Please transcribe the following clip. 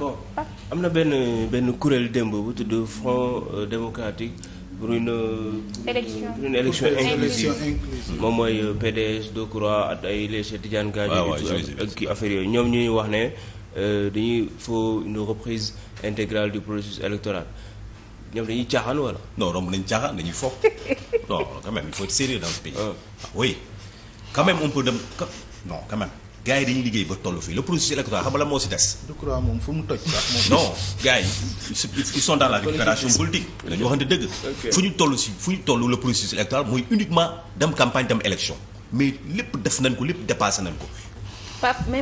bon am na benn benn kuréel démb bu tudd Front euh, démocratique pour une. Euh, élection inclusive moom mooy euh, PDS Decroix ak ay les Cheikh Tidiane ak kii affaire yooyu ñoom ñuy wax ne dañuy faut une reprise intégrale du processus électoral ñoom dañuy caaxaan wala. non romb nañu caaxaan dañuy foog non quand même il faut sérieux dans ce pays. Ah oui quand même on dem non gars yi dañuy liggéey ba toll fii le processus électoral xam nga la moo si des. je crois fu mu toj sax non gars yi ils sont dans la récupération politique dañu dëgg. fu ñu toll fu ñu toll le processus électoral mooy uniquement dem campagne dem élection mais lépp def nañ ko lépp dépassé nañ ko.